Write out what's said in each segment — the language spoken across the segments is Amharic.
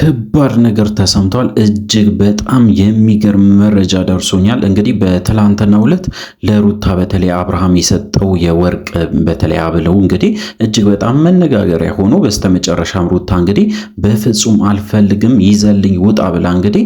ከባድ ነገር ተሰምቷል። እጅግ በጣም የሚገርም መረጃ ደርሶኛል። እንግዲህ በትላንትናው ዕለት ለሩታ በተለይ አብርሃም የሰጠው የወርቅ በተለይ አብለው እንግዲህ እጅግ በጣም መነጋገሪያ ሆኖ በስተመጨረሻም ሩታ እንግዲህ በፍጹም አልፈልግም ይዘልኝ ውጣ ብላ እንግዲህ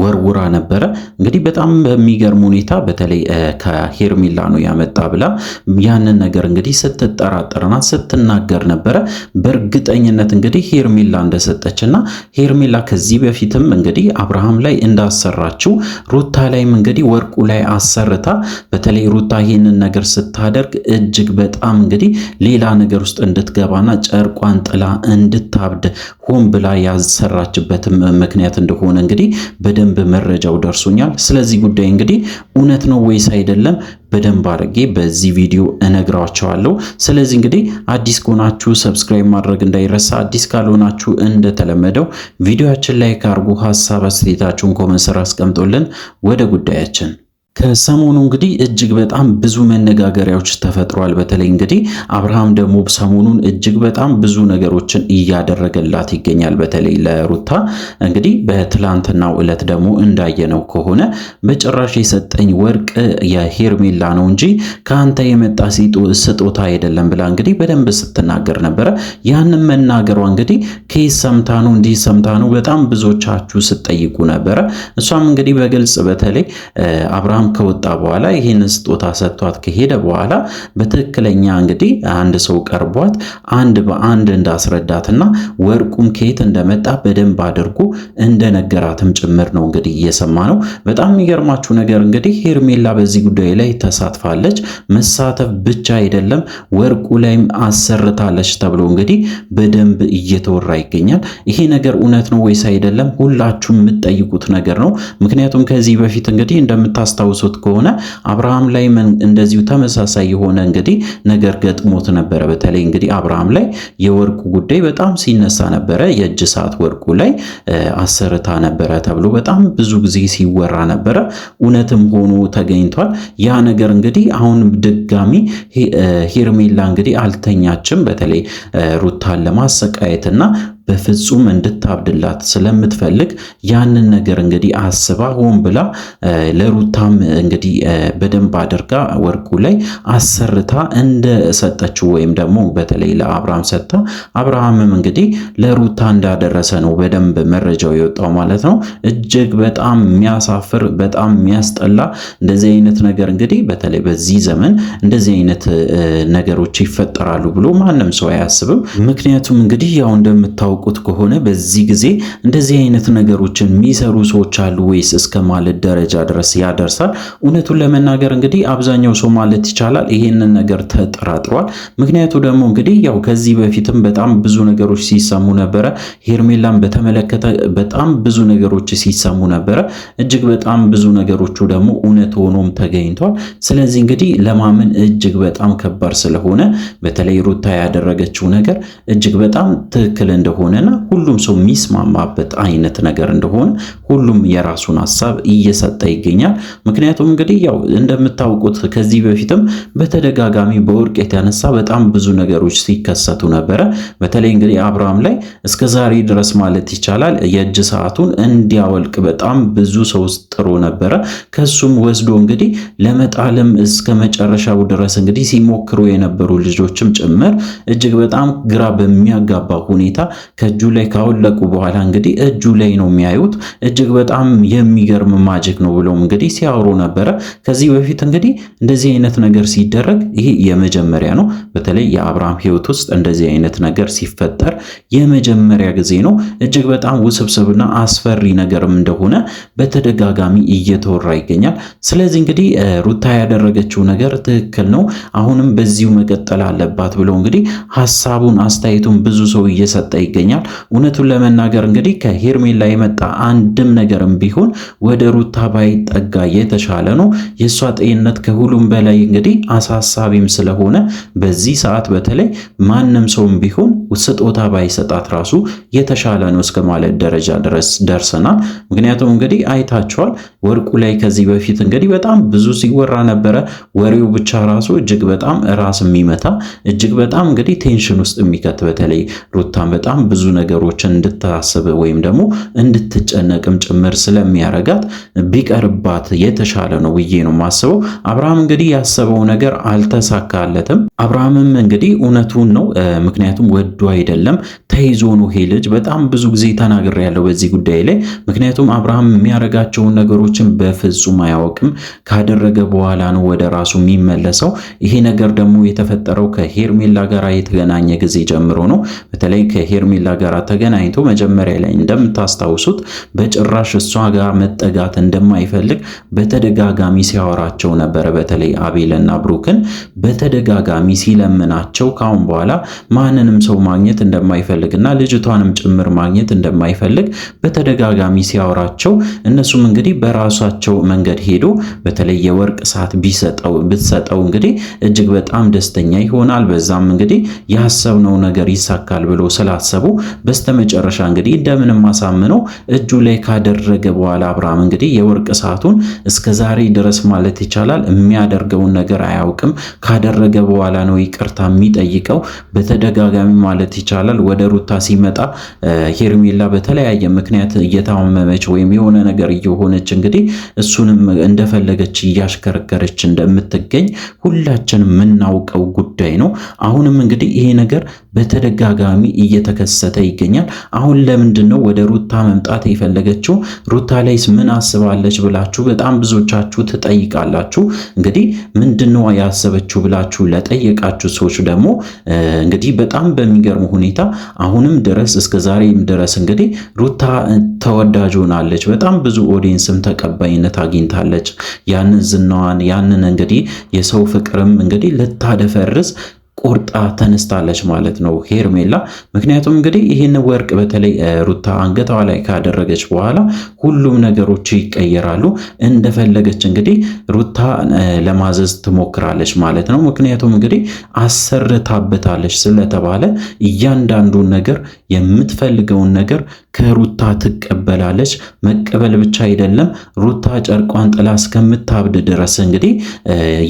ወርውራ ነበረ። እንግዲህ በጣም በሚገርም ሁኔታ በተለይ ከሄርሜላ ነው ያመጣ ብላ ያንን ነገር እንግዲህ ስትጠራጠርና ስትናገር ነበረ። በእርግጠኝነት እንግዲህ ሄርሜላ እንደሰጠችና ሄርሜላ ከዚህ በፊትም እንግዲህ አብርሃም ላይ እንዳሰራችው ሩታ ላይም እንግዲህ ወርቁ ላይ አሰርታ በተለይ ሩታ ይህንን ነገር ስታደርግ እጅግ በጣም እንግዲህ ሌላ ነገር ውስጥ እንድትገባና ጨርቋን ጥላ እንድ አብድ ሆን ብላ ያሰራችበትም ምክንያት እንደሆነ እንግዲህ በደንብ መረጃው ደርሶኛል። ስለዚህ ጉዳይ እንግዲህ እውነት ነው ወይስ አይደለም በደንብ አድርጌ በዚህ ቪዲዮ እነግራቸዋለሁ። ስለዚህ እንግዲህ አዲስ ከሆናችሁ ሰብስክራይብ ማድረግ እንዳይረሳ፣ አዲስ ካልሆናችሁ እንደተለመደው ቪዲዮችን ላይክ አድርጉ፣ ሀሳብ አስተያየታችሁን ኮመንት ስር አስቀምጦልን ወደ ጉዳያችን ከሰሞኑ እንግዲህ እጅግ በጣም ብዙ መነጋገሪያዎች ተፈጥሯል። በተለይ እንግዲህ አብርሃም ደግሞ ሰሞኑን እጅግ በጣም ብዙ ነገሮችን እያደረገላት ይገኛል። በተለይ ለሩታ እንግዲህ በትላንትናው ዕለት ደግሞ እንዳየነው ከሆነ በጭራሽ የሰጠኝ ወርቅ የሄርሜላ ነው እንጂ ከአንተ የመጣ ስጦታ አይደለም ብላ እንግዲህ በደንብ ስትናገር ነበረ። ያንን መናገሯ እንግዲህ ከየት ሰምታ ነው እንዲህ ሰምታ ነው በጣም ብዙዎቻችሁ ስትጠይቁ ነበረ። እሷም እንግዲህ በግልጽ በተለይ አብርሃም ከወጣ በኋላ ይህን ስጦታ ሰጥቷት ከሄደ በኋላ በትክክለኛ እንግዲህ አንድ ሰው ቀርቧት አንድ በአንድ እንዳስረዳትና ወርቁም ከየት እንደመጣ በደንብ አድርጎ እንደነገራትም ጭምር ነው እንግዲህ እየሰማ ነው። በጣም የሚገርማችሁ ነገር እንግዲህ ሄርሜላ በዚህ ጉዳይ ላይ ተሳትፋለች። መሳተፍ ብቻ አይደለም ወርቁ ላይም አሰርታለች ተብሎ እንግዲህ በደንብ እየተወራ ይገኛል። ይሄ ነገር እውነት ነው ወይስ አይደለም? ሁላችሁም የምትጠይቁት ነገር ነው። ምክንያቱም ከዚህ በፊት እንግዲህ እንደምታስታው የምታስታውሱት ከሆነ አብርሃም ላይ እንደዚሁ ተመሳሳይ የሆነ እንግዲህ ነገር ገጥሞት ነበረ። በተለይ እንግዲህ አብርሃም ላይ የወርቁ ጉዳይ በጣም ሲነሳ ነበረ። የእጅ ሰዓት ወርቁ ላይ አሰርታ ነበረ ተብሎ በጣም ብዙ ጊዜ ሲወራ ነበረ። እውነትም ሆኖ ተገኝቷል። ያ ነገር እንግዲህ አሁን ድጋሚ ሄርሜላ እንግዲህ አልተኛችም። በተለይ ሩታን ለማሰቃየትና በፍጹም እንድታብድላት ስለምትፈልግ ያንን ነገር እንግዲህ አስባ ሆን ብላ ለሩታም እንግዲህ በደንብ አድርጋ ወርቁ ላይ አሰርታ እንደሰጠችው ወይም ደግሞ በተለይ ለአብርሃም ሰጥታ አብርሃምም እንግዲህ ለሩታ እንዳደረሰ ነው በደንብ መረጃው የወጣው ማለት ነው። እጅግ በጣም የሚያሳፍር በጣም የሚያስጠላ እንደዚህ አይነት ነገር እንግዲህ በተለይ በዚህ ዘመን እንደዚህ አይነት ነገሮች ይፈጠራሉ ብሎ ማንም ሰው አያስብም። ምክንያቱም እንግዲህ ያው እንደምታው የምታውቁት ከሆነ በዚህ ጊዜ እንደዚህ አይነት ነገሮችን የሚሰሩ ሰዎች አሉ ወይስ እስከ ማለት ደረጃ ድረስ ያደርሳል? እውነቱን ለመናገር እንግዲህ አብዛኛው ሰው ማለት ይቻላል ይሄንን ነገር ተጠራጥሯል። ምክንያቱ ደግሞ እንግዲህ ያው ከዚህ በፊትም በጣም ብዙ ነገሮች ሲሰሙ ነበረ። ሄርሜላን በተመለከተ በጣም ብዙ ነገሮች ሲሰሙ ነበረ። እጅግ በጣም ብዙ ነገሮቹ ደግሞ እውነት ሆኖም ተገኝቷል። ስለዚህ እንግዲህ ለማመን እጅግ በጣም ከባድ ስለሆነ በተለይ ሩታ ያደረገችው ነገር እጅግ በጣም ትክክል እንደሆነ እንደሆነና ሁሉም ሰው የሚስማማበት አይነት ነገር እንደሆነ ሁሉም የራሱን ሀሳብ እየሰጠ ይገኛል። ምክንያቱም እንግዲህ ያው እንደምታውቁት ከዚህ በፊትም በተደጋጋሚ በወርቅ የተነሳ በጣም ብዙ ነገሮች ሲከሰቱ ነበረ። በተለይ እንግዲህ አብርሃም ላይ እስከ ዛሬ ድረስ ማለት ይቻላል የእጅ ሰዓቱን እንዲያወልቅ በጣም ብዙ ሰው ጥሮ ነበረ። ከሱም ወስዶ እንግዲህ ለመጣልም እስከ መጨረሻው ድረስ እንግዲህ ሲሞክሩ የነበሩ ልጆችም ጭምር እጅግ በጣም ግራ በሚያጋባ ሁኔታ ከእጁ ላይ ካወለቁ በኋላ እንግዲህ እጁ ላይ ነው የሚያዩት። እጅግ በጣም የሚገርም ማጅክ ነው ብለውም እንግዲህ ሲያወሩ ነበረ። ከዚህ በፊት እንግዲህ እንደዚህ አይነት ነገር ሲደረግ ይሄ የመጀመሪያ ነው። በተለይ የአብርሃም ሕይወት ውስጥ እንደዚህ አይነት ነገር ሲፈጠር የመጀመሪያ ጊዜ ነው። እጅግ በጣም ውስብስብና አስፈሪ ነገርም እንደሆነ በተደጋጋሚ እየተወራ ይገኛል። ስለዚህ እንግዲህ ሩታ ያደረገችው ነገር ትክክል ነው፣ አሁንም በዚሁ መቀጠል አለባት ብለው እንግዲህ ሀሳቡን አስተያየቱን ብዙ ሰው እየሰጠ ይገኛል። ይገኛል። እውነቱን ለመናገር እንግዲህ ከሄርሜላ የመጣ አንድም ነገርም ቢሆን ወደ ሩታ ባይጠጋ የተሻለ ነው። የእሷ ጤንነት ከሁሉም በላይ እንግዲህ አሳሳቢም ስለሆነ በዚህ ሰዓት በተለይ ማንም ሰውም ቢሆን ስጦታ ባይሰጣት ራሱ የተሻለ ነው እስከ ማለት ደረጃ ድረስ ደርሰናል። ምክንያቱም እንግዲህ አይታችኋል ወርቁ ላይ ከዚህ በፊት እንግዲህ በጣም ብዙ ሲወራ ነበረ። ወሬው ብቻ ራሱ እጅግ በጣም ራስ የሚመታ እጅግ በጣም እንግዲህ ቴንሽን ውስጥ የሚከት በተለይ ሩታን በጣም ብዙ ብዙ ነገሮችን እንድታስብ ወይም ደግሞ እንድትጨነቅም ጭምር ስለሚያረጋት ቢቀርባት የተሻለ ነው ብዬ ነው የማስበው። አብርሃም እንግዲህ ያሰበው ነገር አልተሳካለትም። አብርሃምም እንግዲህ እውነቱን ነው። ምክንያቱም ወዶ አይደለም ተይዞ ነው። ይሄ ልጅ በጣም ብዙ ጊዜ ያለው በዚህ ጉዳይ ላይ። ምክንያቱም አብርሃም የሚያረጋቸውን ነገሮችን በፍጹም አያውቅም። ካደረገ በኋላ ነው ወደ ራሱ የሚመለሰው። ይሄ ነገር ደግሞ የተፈጠረው ከሄርሜላ ጋር የተገናኘ ጊዜ ጀምሮ ነው። በተለይ ከሄርሜላ ከሌላ ጋር ተገናኝቶ መጀመሪያ ላይ እንደምታስታውሱት በጭራሽ እሷ ጋር መጠጋት እንደማይፈልግ በተደጋጋሚ ሲያወራቸው ነበረ። በተለይ አቤልና ብሩክን በተደጋጋሚ ሲለምናቸው ካሁን በኋላ ማንንም ሰው ማግኘት እንደማይፈልግና ልጅቷንም ጭምር ማግኘት እንደማይፈልግ በተደጋጋሚ ሲያወራቸው እነሱም እንግዲህ በራሳቸው መንገድ ሄዶ በተለይ የወርቅ ሰዓት ቢሰጠው ብትሰጠው እንግዲህ እጅግ በጣም ደስተኛ ይሆናል። በዛም እንግዲህ ያሰብነው ነገር ይሳካል ብሎ ስላሰቡ በስተመጨረሻ እንግዲህ እንደምንም አሳምኖ እጁ ላይ ካደረገ በኋላ አብርሃም እንግዲህ የወርቅ ሰዓቱን እስከ ዛሬ ድረስ ማለት ይቻላል የሚያደርገውን ነገር አያውቅም። ካደረገ በኋላ ነው ይቅርታ የሚጠይቀው በተደጋጋሚ ማለት ይቻላል። ወደ ሩታ ሲመጣ ሄርሜላ በተለያየ ምክንያት እየታመመች ወይም የሆነ ነገር እየሆነች እንግዲህ እሱንም እንደፈለገች እያሽከረከረች እንደምትገኝ ሁላችን የምናውቀው ጉዳይ ነው። አሁንም እንግዲህ ይሄ ነገር በተደጋጋሚ እየተከሰ እየተከሰተ ይገኛል። አሁን ለምንድን ነው ወደ ሩታ መምጣት የፈለገችው? ሩታ ላይስ ምን አስባለች ብላችሁ በጣም ብዙዎቻችሁ ትጠይቃላችሁ። እንግዲህ ምንድነው ያሰበችው ብላችሁ ለጠየቃችሁ ሰዎች ደግሞ እንግዲህ በጣም በሚገርም ሁኔታ አሁንም ድረስ እስከ ዛሬም ድረስ እንግዲህ ሩታ ተወዳጅ ሆናለች። በጣም ብዙ ኦዲየንስም ተቀባይነት አግኝታለች። ያንን ዝናዋን ያንን እንግዲህ የሰው ፍቅርም እንግዲህ ልታደፈርስ ቆርጣ ተነስታለች ማለት ነው ሄርሜላ። ምክንያቱም እንግዲህ ይህን ወርቅ በተለይ ሩታ አንገቷ ላይ ካደረገች በኋላ ሁሉም ነገሮች ይቀየራሉ። እንደፈለገች እንግዲህ ሩታ ለማዘዝ ትሞክራለች ማለት ነው። ምክንያቱም እንግዲህ አሰርታበታለች ስለተባለ እያንዳንዱን ነገር የምትፈልገውን ነገር ከሩታ ትቀበላለች። መቀበል ብቻ አይደለም ሩታ ጨርቋን ጥላ እስከምታብድ ድረስ እንግዲህ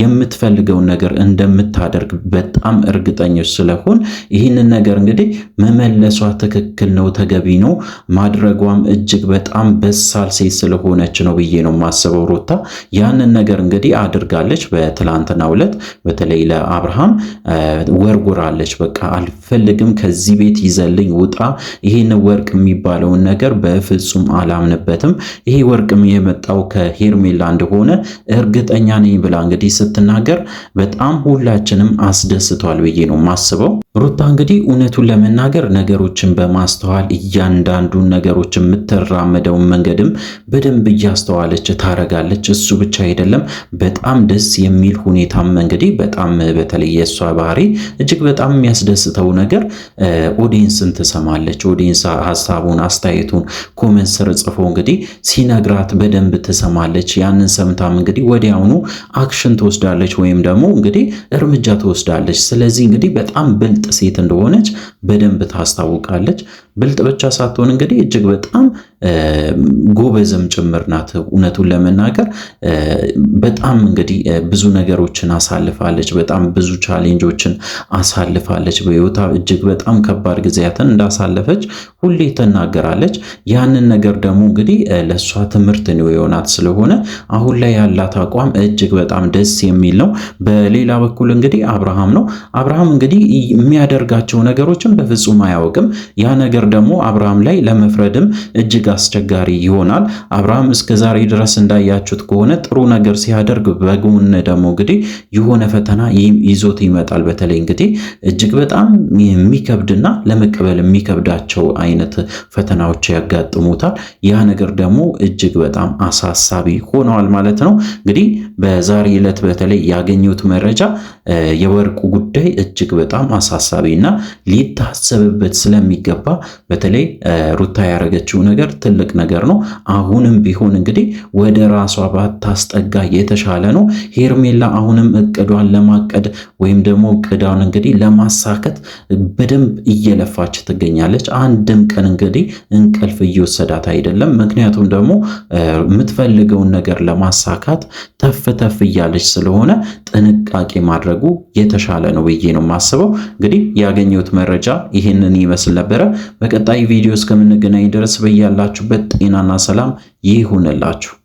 የምትፈልገውን ነገር እንደምታደርግ በጣም በጣም እርግጠኞች ስለሆን ይህንን ነገር እንግዲህ መመለሷ ትክክል ነው፣ ተገቢ ነው። ማድረጓም እጅግ በጣም በሳል ሴት ስለሆነች ነው ብዬ ነው የማስበው። ሩታ ያንን ነገር እንግዲህ አድርጋለች። በትላንትናው ዕለት በተለይ ለአብርሃም ወርውራለች። በቃ አልፈልግም፣ ከዚህ ቤት ይዘልኝ ውጣ፣ ይህን ወርቅ የሚባለውን ነገር በፍጹም አላምንበትም፣ ይሄ ወርቅም የመጣው ከሄርሜላ እንደሆነ እርግጠኛ ነኝ ብላ እንግዲህ ስትናገር በጣም ሁላችንም አስደስቷል። ተረድቷል ብዬ ነው ማስበው ሩታ እንግዲህ እውነቱን ለመናገር ነገሮችን በማስተዋል እያንዳንዱን ነገሮች የምትራመደውን መንገድም በደንብ እያስተዋለች ታረጋለች። እሱ ብቻ አይደለም፣ በጣም ደስ የሚል ሁኔታም እንግዲህ በጣም በተለየ እሷ ባህሪ እጅግ በጣም የሚያስደስተው ነገር ኦዲንስን ትሰማለች። ኦዲንስ ሀሳቡን፣ አስተያየቱን ኮመንት ስር ጽፎ እንግዲህ ሲነግራት በደንብ ትሰማለች። ያንን ሰምታም እንግዲህ ወዲያውኑ አክሽን ትወስዳለች ወይም ደግሞ እንግዲህ እርምጃ ትወስዳለች። ስለዚህ እንግዲህ በጣም ብልጥ ሴት እንደሆነች በደንብ ታስታውቃለች። ብልጥ ብቻ ሳትሆን እንግዲህ እጅግ በጣም ጎበዝም ጭምር ናት። እውነቱን ለመናገር በጣም እንግዲህ ብዙ ነገሮችን አሳልፋለች። በጣም ብዙ ቻሌንጆችን አሳልፋለች። በህይወታ እጅግ በጣም ከባድ ጊዜያትን እንዳሳለፈች ሁሌ ትናገራለች። ያንን ነገር ደግሞ እንግዲህ ለእሷ ትምህርት ነው የሆናት። ስለሆነ አሁን ላይ ያላት አቋም እጅግ በጣም ደስ የሚል ነው። በሌላ በኩል እንግዲህ አብርሃም ነው። አብርሃም እንግዲህ የሚያደርጋቸው ነገሮችን በፍጹም አያውቅም። ያ ነገር ደግሞ አብርሃም ላይ ለመፍረድም እጅግ አስቸጋሪ ይሆናል። አብርሃም እስከ ዛሬ ድረስ እንዳያችሁት ከሆነ ጥሩ ነገር ሲያደርግ በጎን ደግሞ እንግዲህ የሆነ ፈተና ይዞት ይመጣል። በተለይ እንግዲህ እጅግ በጣም የሚከብድና ለመቀበል የሚከብዳቸው አይነት ፈተናዎች ያጋጥሙታል። ያ ነገር ደግሞ እጅግ በጣም አሳሳቢ ሆነዋል ማለት ነው። እንግዲህ በዛሬ ዕለት በተለይ ያገኘሁት መረጃ የወርቁ ጉዳይ እጅግ በጣም አሳሳቢ እና ሊታሰብበት ስለሚገባ በተለይ ሩታ ያደረገችው ነገር ትልቅ ነገር ነው። አሁንም ቢሆን እንግዲህ ወደ ራሷ ባታስጠጋ የተሻለ ነው። ሄርሜላ አሁንም እቅዷን ለማቀድ ወይም ደግሞ እቅዷን እንግዲህ ለማሳከት በደንብ እየለፋች ትገኛለች። አንድም ቀን እንግዲህ እንቅልፍ እየወሰዳት አይደለም። ምክንያቱም ደግሞ የምትፈልገውን ነገር ለማሳካት ተፍ ተፍ እያለች ስለሆነ ጥንቃቄ ማድረጉ የተሻለ ነው ብዬ ነው የማስበው። እንግዲህ ያገኘሁት መረጃ ይህንን ይመስል ነበረ። በቀጣይ ቪዲዮ እስከምንገናኝ ድረስ በያላችሁበት ጤናና ሰላም ይሁንላችሁ።